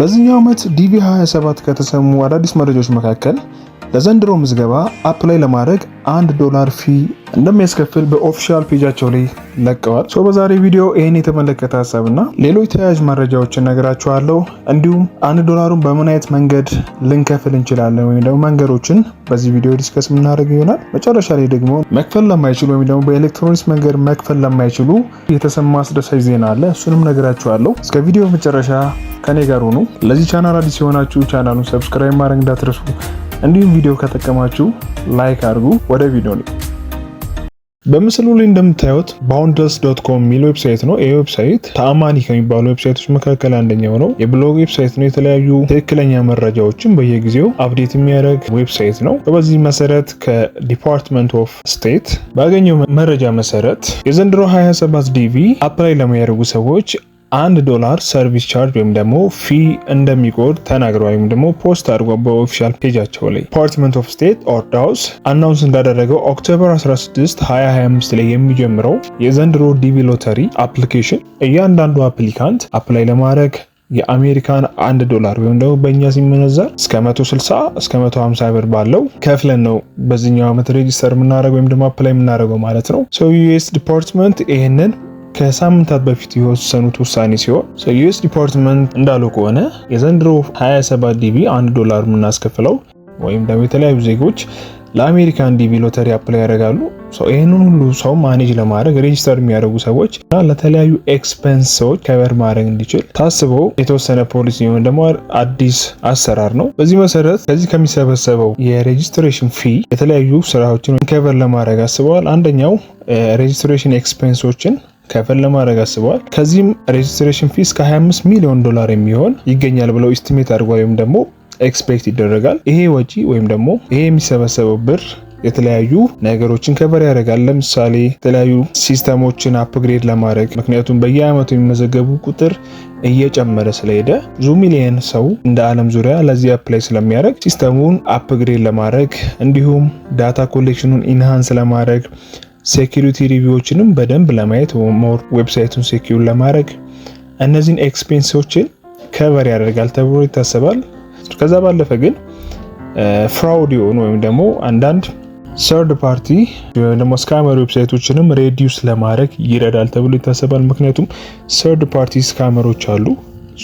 በዚህኛው ዓመት ዲቪ 27 ከተሰሙ አዳዲስ መረጃዎች መካከል ለዘንድሮ ምዝገባ አፕላይ ለማድረግ አንድ ዶላር ፊ እንደሚያስከፍል በኦፊሻል ፔጃቸው ላይ ለቀዋል። ሶ በዛሬ ቪዲዮ ይህን የተመለከተ ሀሳብና ሌሎች ተያያዥ መረጃዎችን ነገራችኋለሁ። እንዲሁም አንድ ዶላሩን በምን አይነት መንገድ ልንከፍል እንችላለን ወይም ደግሞ መንገዶችን በዚህ ቪዲዮ ዲስከስ የምናደርግ ይሆናል። መጨረሻ ላይ ደግሞ መክፈል ለማይችሉ ወይም ደግሞ በኤሌክትሮኒክስ መንገድ መክፈል ለማይችሉ የተሰማ አስደሳች ዜና አለ። እሱንም ነገራችኋለሁ። እስከ ቪዲዮ መጨረሻ ከኔ ጋር ሆኑ። ለዚህ ቻናል አዲስ የሆናችሁ ቻናሉን ሰብስክራይብ ማድረግ እንዳትረሱ እንዲሁም ቪዲዮ ከጠቀማችሁ ላይክ አድርጉ። ወደ ቪዲዮ ነው። በምስሉ ላይ እንደምታዩት boundless ዶት ኮም የሚል ዌብሳይት ነው። ይህ ዌብሳይት ተአማኒ ከሚባሉ ዌብሳይቶች መካከል አንደኛው ነው። የብሎግ ዌብሳይት ነው። የተለያዩ ትክክለኛ መረጃዎችን በየጊዜው አፕዴት የሚያደርግ ዌብሳይት ነው። በዚህ መሰረት ከዲፓርትመንት ኦፍ ስቴት ባገኘው መረጃ መሰረት የዘንድሮ 27 ዲቪ አፕላይ ለሚያደርጉ ሰዎች አንድ ዶላር ሰርቪስ ቻርጅ ወይም ደግሞ ፊ እንደሚቆርጥ ተናግረው ወይም ደግሞ ፖስት አድርጎ በኦፊሻል ፔጃቸው ላይ ዲፓርትመንት ኦፍ ስቴት ኦርድ ሃውስ አናውንስ እንዳደረገው ኦክቶበር 16 2025 ላይ የሚጀምረው የዘንድሮ ዲቪ ሎተሪ አፕሊኬሽን እያንዳንዱ አፕሊካንት አፕላይ ለማድረግ የአሜሪካን አንድ ዶላር ወይም ደግሞ በእኛ ሲመነዘር እስከ 160 እስከ 150 ብር ባለው ከፍለን ነው በዚህኛው ዓመት ሬጅስተር የምናደርገው ወይም ደግሞ አፕላይ የምናደርገው ማለት ነው። ዩኤስ ዲፓርትመንት ይህንን ከሳምንታት በፊት የወሰኑት ውሳኔ ሲሆን ዩኤስ ዲፓርትመንት እንዳለው ከሆነ የዘንድሮ 27 ዲቪ 1 ዶላር የምናስከፍለው ወይም ደግሞ የተለያዩ ዜጎች ለአሜሪካን ዲቪ ሎተሪ አፕላይ ያደርጋሉ። ይህንን ሁሉ ሰው ማኔጅ ለማድረግ ሬጅስተር የሚያደርጉ ሰዎች እና ለተለያዩ ኤክስፐንስ ሰዎች ከበር ማድረግ እንዲችል ታስበው የተወሰነ ፖሊሲ ወይም ደግሞ አዲስ አሰራር ነው። በዚህ መሰረት ከዚህ ከሚሰበሰበው የሬጅስትሬሽን ፊ የተለያዩ ስራዎችን ከበር ለማድረግ አስበዋል። አንደኛው ሬጅስትሬሽን ኤክስፐንሶችን ከፍል ለማድረግ አስበዋል። ከዚህም ሬጅስትሬሽን ፊስ ከ25 ሚሊዮን ዶላር የሚሆን ይገኛል ብለው ኢስቲሜት አድርጓል ወይም ደግሞ ኤክስፔክት ይደረጋል። ይሄ ወጪ ወይም ደግሞ ይሄ የሚሰበሰበው ብር የተለያዩ ነገሮችን ከበር ያደርጋል። ለምሳሌ የተለያዩ ሲስተሞችን አፕግሬድ ለማድረግ ምክንያቱም በየአመቱ የሚመዘገቡ ቁጥር እየጨመረ ስለሄደ ብዙ ሚሊየን ሰው እንደ አለም ዙሪያ ለዚህ አፕላይ ስለሚያደርግ ሲስተሙን አፕግሬድ ለማድረግ እንዲሁም ዳታ ኮሌክሽኑን ኢንሃንስ ለማድረግ ሴኪሪቲ ሪቪዎችንም በደንብ ለማየት ሞር ዌብሳይቱን ሴኪዩር ለማድረግ እነዚህን ኤክስፔንሶችን ከቨር ያደርጋል ተብሎ ይታሰባል። ከዛ ባለፈ ግን ፍራውድ የሆኑ ወይም ደግሞ አንዳንድ ሰርድ ፓርቲ ወይም ደግሞ ስካመር ዌብሳይቶችንም ሬዲዩስ ለማድረግ ይረዳል ተብሎ ይታሰባል። ምክንያቱም ሰርድ ፓርቲ ስካመሮች አሉ፣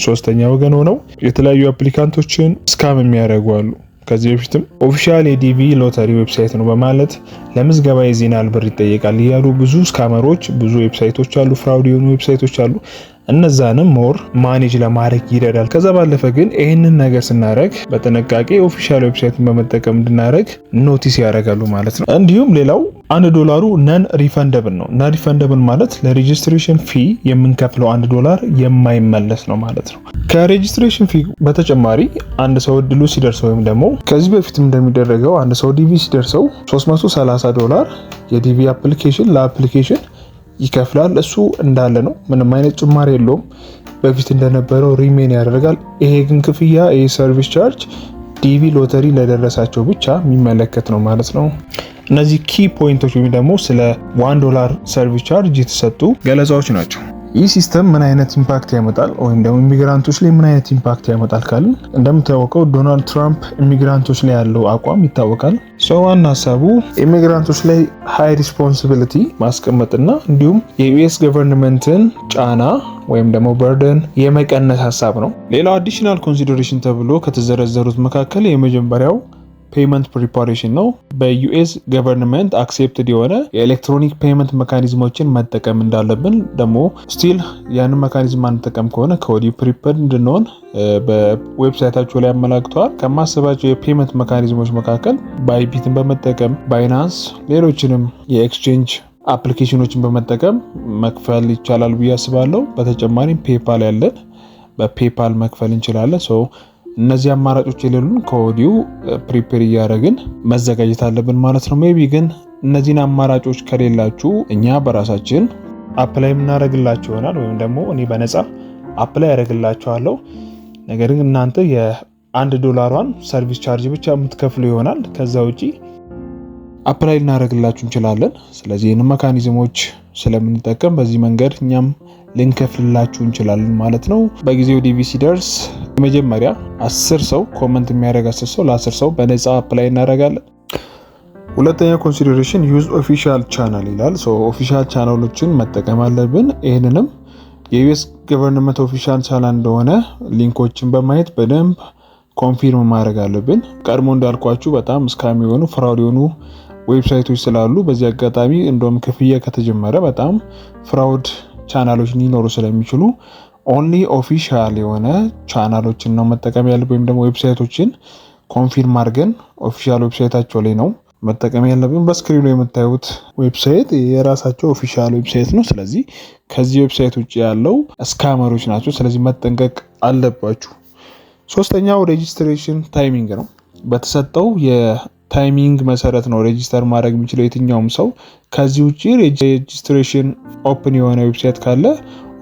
ሶስተኛ ወገን ሆነው የተለያዩ አፕሊካንቶችን ስካም የሚያደርጉ አሉ። ከዚህ በፊትም ኦፊሻል የዲቪ ሎተሪ ዌብሳይት ነው በማለት ለምዝገባ የዜና አልበር ይጠየቃል እያሉ ብዙ ስካመሮች፣ ብዙ ዌብሳይቶች አሉ፣ ፍራውድ የሆኑ ዌብሳይቶች አሉ። እነዛንም ሞር ማኔጅ ለማድረግ ይረዳል። ከዛ ባለፈ ግን ይህንን ነገር ስናደረግ በጥንቃቄ ኦፊሻል ዌብሳይትን በመጠቀም እንድናደረግ ኖቲስ ያደርጋሉ ማለት ነው። እንዲሁም ሌላው አንድ ዶላሩ ነን ሪፈንደብል ነው። ነን ሪፈንደብል ማለት ለሬጅስትሬሽን ፊ የምንከፍለው አንድ ዶላር የማይመለስ ነው ማለት ነው። ከሬጅስትሬሽን ፊ በተጨማሪ አንድ ሰው እድሉ ሲደርሰው ወይም ደግሞ ከዚህ በፊትም እንደሚደረገው አንድ ሰው ዲቪ ሲደርሰው 330 ዶላር የዲቪ አፕሊኬሽን ለአፕሊኬሽን ይከፍላል። እሱ እንዳለ ነው፣ ምንም አይነት ጭማሪ የለውም። በፊት እንደነበረው ሪሜን ያደርጋል። ይሄ ግን ክፍያ ይህ ሰርቪስ ቻርጅ ዲቪ ሎተሪ ለደረሳቸው ብቻ የሚመለከት ነው ማለት ነው። እነዚህ ኪ ፖይንቶች ወይም ደግሞ ስለ ዋን ዶላር ሰርቪስ ቻርጅ የተሰጡ ገለጻዎች ናቸው። ይህ ሲስተም ምን አይነት ኢምፓክት ያመጣል ወይም ደግሞ ኢሚግራንቶች ላይ ምን አይነት ኢምፓክት ያመጣል ካል እንደምታወቀው ዶናልድ ትራምፕ ኢሚግራንቶች ላይ ያለው አቋም ይታወቃል። ሰው ዋና ሀሳቡ ኢሚግራንቶች ላይ ሃይ ሪስፖንሲቢሊቲ ማስቀመጥና እንዲሁም የዩኤስ ገቨርንመንትን ጫና ወይም ደግሞ በርደን የመቀነስ ሀሳብ ነው። ሌላው አዲሽናል ኮንሲደሬሽን ተብሎ ከተዘረዘሩት መካከል የመጀመሪያው ፔመንት ፕሪፓሬሽን ነው። በዩኤስ ገቨርንመንት አክሴፕትድ የሆነ የኤሌክትሮኒክ ፔመንት መካኒዝሞችን መጠቀም እንዳለብን ደግሞ ስቲል ያንን መካኒዝም አንጠቀም ከሆነ ከወዲሁ ፕሪፐር እንድንሆን በዌብሳይታቸው ላይ አመላክተዋል። ከማስባቸው የፔመንት መካኒዝሞች መካከል ባይቢትን በመጠቀም ባይናንስ፣ ሌሎችንም የኤክስቼንጅ አፕሊኬሽኖችን በመጠቀም መክፈል ይቻላል ብዬ አስባለሁ። በተጨማሪም ፔፓል ያለን በፔፓል መክፈል እንችላለን። እነዚህ አማራጮች የሌሉን ከወዲሁ ፕሪፔር እያደረግን መዘጋጀት አለብን ማለት ነው። ሜቢ ግን እነዚህን አማራጮች ከሌላችሁ እኛ በራሳችን አፕላይ የምናደርግላችሁ ይሆናል፣ ወይም ደግሞ እኔ በነፃ አፕላይ ያደርግላችኋለሁ። ነገር ግን እናንተ የአንድ ዶላሯን ሰርቪስ ቻርጅ ብቻ የምትከፍሉ ይሆናል። ከዛ ውጪ አፕላይ ልናደርግላችሁ እንችላለን። ስለዚህ ይህን መካኒዝሞች ስለምንጠቀም በዚህ መንገድ እኛም ልንከፍልላችሁ እንችላለን ማለት ነው። በጊዜው ዲቪ ሲደርስ መጀመሪያ አስር ሰው ኮመንት የሚያደርግ አስር ሰው ለአስር ሰው በነጻ አፕላይ እናደርጋለን። ሁለተኛ ኮንሲደሬሽን ዩዝ ኦፊሻል ቻናል ይላል። ኦፊሻል ቻናሎችን መጠቀም አለብን። ይህንንም የዩኤስ ገቨርንመንት ኦፊሻል ቻናል እንደሆነ ሊንኮችን በማየት በደንብ ኮንፊርም ማድረግ አለብን። ቀድሞ እንዳልኳችሁ በጣም እስካሚ የሆኑ ፍራውድ የሆኑ ዌብሳይቶች ስላሉ በዚህ አጋጣሚ እንደውም ክፍያ ከተጀመረ በጣም ፍራውድ ቻናሎች ሊኖሩ ስለሚችሉ ኦንሊ ኦፊሻል የሆነ ቻናሎችን ነው መጠቀም ያለብን፣ ወይም ደግሞ ዌብሳይቶችን ኮንፊርም አድርገን ኦፊሻል ዌብሳይታቸው ላይ ነው መጠቀም ያለብን። በስክሪኑ የምታዩት ዌብሳይት የራሳቸው ኦፊሻል ዌብሳይት ነው። ስለዚህ ከዚህ ዌብሳይት ውጭ ያለው ስካመሮች ናቸው። ስለዚህ መጠንቀቅ አለባችሁ። ሶስተኛው ሬጅስትሬሽን ታይሚንግ ነው። በተሰጠው ታይሚንግ መሰረት ነው ሬጂስተር ማድረግ የሚችለው የትኛውም ሰው። ከዚህ ውጭ ሬጂስትሬሽን ኦፕን የሆነ ዌብሳይት ካለ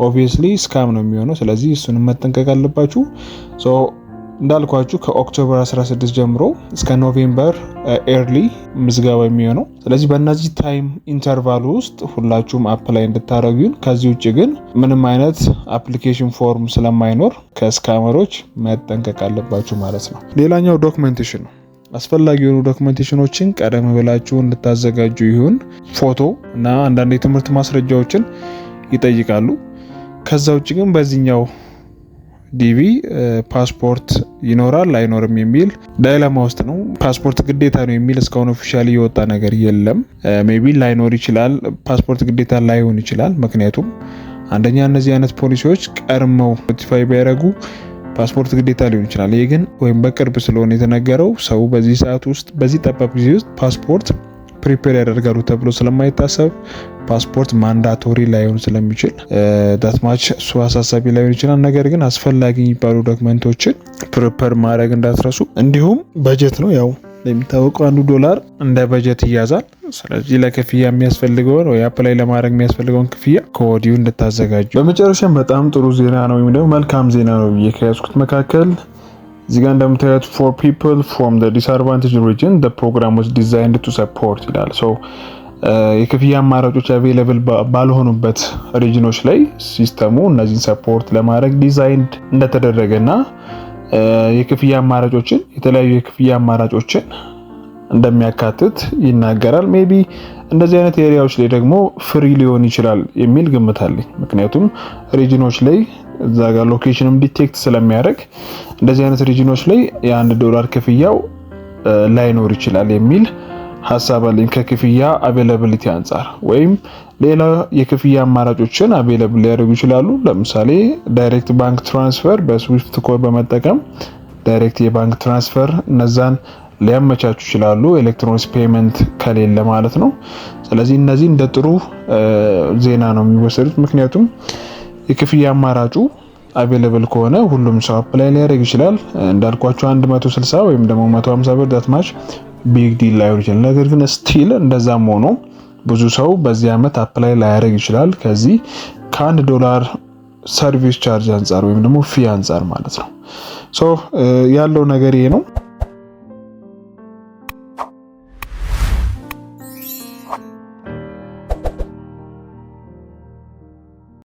ኦብቪየስሊ ስካም ነው የሚሆነው። ስለዚህ እሱንም መጠንቀቅ አለባችሁ። እንዳልኳችሁ ከኦክቶበር 16 ጀምሮ እስከ ኖቬምበር ኤርሊ ምዝገባ የሚሆነው ስለዚህ በእነዚህ ታይም ኢንተርቫል ውስጥ ሁላችሁም አፕላይ እንድታደረጉን። ከዚህ ውጭ ግን ምንም አይነት አፕሊኬሽን ፎርም ስለማይኖር ከስካመሮች መጠንቀቅ አለባችሁ ማለት ነው። ሌላኛው ዶክመንቴሽን ነው። አስፈላጊ የሆኑ ዶክመንቴሽኖችን ቀደም ብላችሁ እንድታዘጋጁ ይሁን። ፎቶ እና አንዳንድ የትምህርት ማስረጃዎችን ይጠይቃሉ። ከዛ ውጭ ግን በዚህኛው ዲቪ ፓስፖርት ይኖራል አይኖርም የሚል ዳይላማ ውስጥ ነው። ፓስፖርት ግዴታ ነው የሚል እስካሁን ኦፊሻሊ የወጣ ነገር የለም። ቢ ላይኖር ይችላል። ፓስፖርት ግዴታ ላይሆን ይችላል። ምክንያቱም አንደኛ እነዚህ አይነት ፖሊሲዎች ቀድመው ኖቲፋይ ቢያደረጉ ፓስፖርት ግዴታ ሊሆን ይችላል። ይህ ግን ወይም በቅርብ ስለሆነ የተነገረው ሰው በዚህ ሰዓት ውስጥ በዚህ ጠባብ ጊዜ ውስጥ ፓስፖርት ፕሪፔር ያደርጋሉ ተብሎ ስለማይታሰብ ፓስፖርት ማንዳቶሪ ላይሆን ስለሚችል ዳትማች እሱ አሳሳቢ ላይሆን ይችላል። ነገር ግን አስፈላጊ የሚባሉ ዶክመንቶችን ፕሪፐር ማድረግ እንዳትረሱ። እንዲሁም በጀት ነው ያው የሚታወቀው አንዱ ዶላር እንደ በጀት ይያዛል። ስለዚህ ለክፍያ የሚያስፈልገውን ወይ አፕላይ ለማድረግ የሚያስፈልገውን ክፍያ ከወዲሁ እንድታዘጋጁ። በመጨረሻም በጣም ጥሩ ዜና ነው ወይም ደግሞ መልካም ዜና ነው ብዬ ከያዝኩት መካከል እዚህ ጋር እንደምታዩት ፎር ፒፕል ፍሮም ዲስአድቫንቴጅ ሪጅን ፕሮግራም ዋዝ ዲዛይንድ ቱ ሰፖርት ይላል። የክፍያ አማራጮች አቬለብል ባልሆኑበት ሪጅኖች ላይ ሲስተሙ እነዚህን ሰፖርት ለማድረግ ዲዛይንድ እንደተደረገ እና የክፍያ አማራጮችን የተለያዩ የክፍያ አማራጮችን እንደሚያካትት ይናገራል። ሜቢ እንደዚህ አይነት ኤሪያዎች ላይ ደግሞ ፍሪ ሊሆን ይችላል የሚል ግምት አለኝ። ምክንያቱም ሪጅኖች ላይ እዛ ጋር ሎኬሽንም ዲቴክት ስለሚያደርግ እንደዚህ አይነት ሪጅኖች ላይ የአንድ ዶላር ክፍያው ላይኖር ይችላል የሚል ሀሳብ አለኝ ከክፍያ አቬላብሊቲ አንጻር ወይም ሌላ የክፍያ አማራጮችን አቬለብል ሊያደርጉ ይችላሉ። ለምሳሌ ዳይሬክት ባንክ ትራንስፈር በስዊፍት ኮድ በመጠቀም ዳይሬክት የባንክ ትራንስፈር እነዛን ሊያመቻቹ ይችላሉ፣ ኤሌክትሮኒክስ ፔመንት ከሌለ ማለት ነው። ስለዚህ እነዚህ እንደ ጥሩ ዜና ነው የሚወሰዱት፣ ምክንያቱም የክፍያ አማራጩ አቬለብል ከሆነ ሁሉም ሰው አፕላይ ሊያደርግ ይችላል። እንዳልኳቸው 160 ወይም ደግሞ 150 ብር ዳትማች ቢግ ዲል ላይሆን ይችላል። ነገር ግን ስቲል እንደዛም ሆኖ ብዙ ሰው በዚህ ዓመት አፕላይ ላያደርግ ይችላል። ከዚህ ከአንድ ዶላር ሰርቪስ ቻርጅ አንጻር ወይም ደግሞ ፊ አንጻር ማለት ነው። ሶ ያለው ነገር ይሄ ነው።